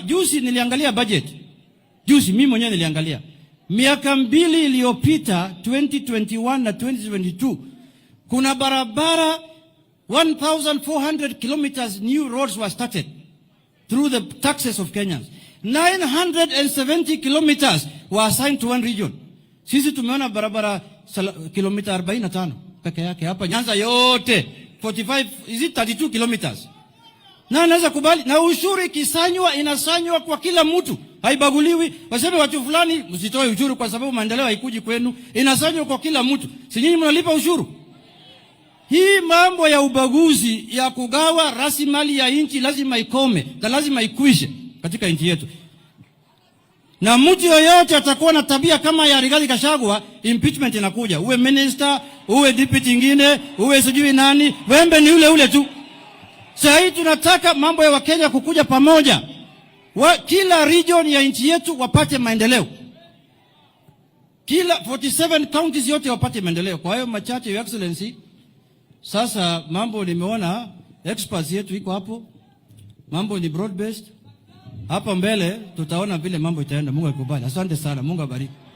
Juzi niliangalia budget. Juzi mimi mwenyewe niliangalia miaka mbili iliyopita 2021 na 2022 kuna barabara 1400 kilometers new roads were started through the taxes of Kenyans. 970 kilometers were assigned to one region. Sisi tumeona barabara kilomita 45 peke yake hapa Nyanza yote 45 is it 32 kilometers na anaweza kubali, na ushuru ikisanywa inasanywa kwa kila mtu, haibaguliwi. Waseme watu fulani msitoe ushuru kwa sababu maendeleo haikuji kwenu, inasanywa kwa kila mtu, si nyinyi mnalipa ushuru? Hii mambo ya ubaguzi ya kugawa rasilimali ya nchi lazima ikome na lazima ikwishe katika nchi yetu, na mtu yoyote atakuwa na tabia kama ya Rigathi Gachagua, impeachment inakuja. Uwe minister, uwe deputy ingine, uwe sijui nani, wembe ni ule ule tu. Sasa hii tunataka mambo ya Wakenya kukuja pamoja wa, kila region ya nchi yetu wapate maendeleo, kila 47 counties yote wapate maendeleo. Kwa hiyo machache, your excellency. Sasa mambo nimeona experts yetu iko hapo, mambo ni broad based. Hapo mbele tutaona vile mambo itaenda. Mungu akubali. Asante sana, Mungu abariki.